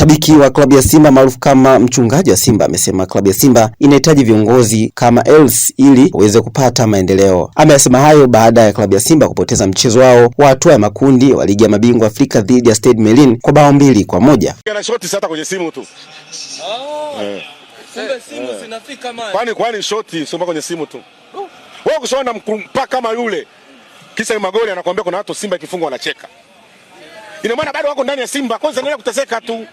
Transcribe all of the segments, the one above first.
Shabiki wa klabu ya Simba maarufu kama mchungaji wa Simba amesema klabu ya Simba inahitaji viongozi kama Els ili waweze kupata maendeleo. Amesema hayo baada ya klabu ya Simba kupoteza mchezo wao wa hatua ya makundi wa ligi ya mabingwa Afrika dhidi ya Stade Melin kwa bao mbili kwa moja. Ina maana bado wako ndani ya Simba, kwanza endelea kuteseka tu.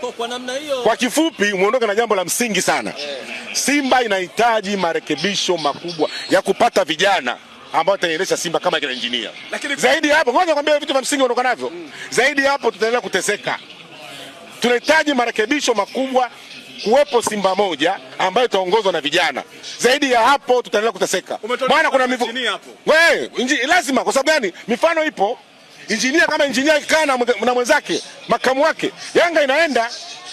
Kwa, namna hiyo, kwa kifupi umeondoka na jambo la msingi sana yeah. Simba inahitaji marekebisho makubwa ya kupata vijana ambao wataendesha Simba kama kina injinia. zaidi hapo, ngoja nikwambie vitu vya msingi unaondoka navyo mm. Zaidi hapo tutaendelea kuteseka. Tunahitaji marekebisho makubwa, kuwepo Simba moja ambayo itaongozwa na vijana. Zaidi ya hapo tutaendelea kuteseka, maana kuna mivu... lazima. Kwa sababu gani? Mifano ipo Injinia kama injinia ikikaa na mwenzake makamu wake, Yanga inaenda.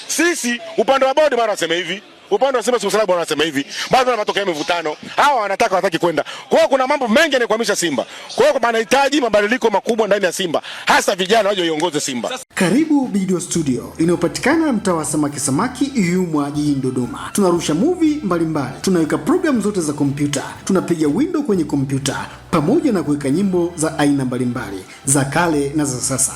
Sisi upande wa bodi, mara aseme hivi Upande wa Simba siku sababu wanasema hivi, bado na matokeo ya mivutano. Hawa wanataka wataki kwenda. Kwa hiyo kuna mambo mengi yanayokwamisha Simba. Kwa hiyo wanahitaji mabadiliko makubwa ndani ya Simba, hasa vijana waje waiongoze Simba. Karibu video studio inayopatikana mtaa wa Samaki Samaki Yumwa jijini Dodoma. Tunarusha movie mbalimbali. Tunaweka programu zote za kompyuta. Tunapiga window kwenye kompyuta pamoja na kuweka nyimbo za aina mbalimbali za kale na za sasa.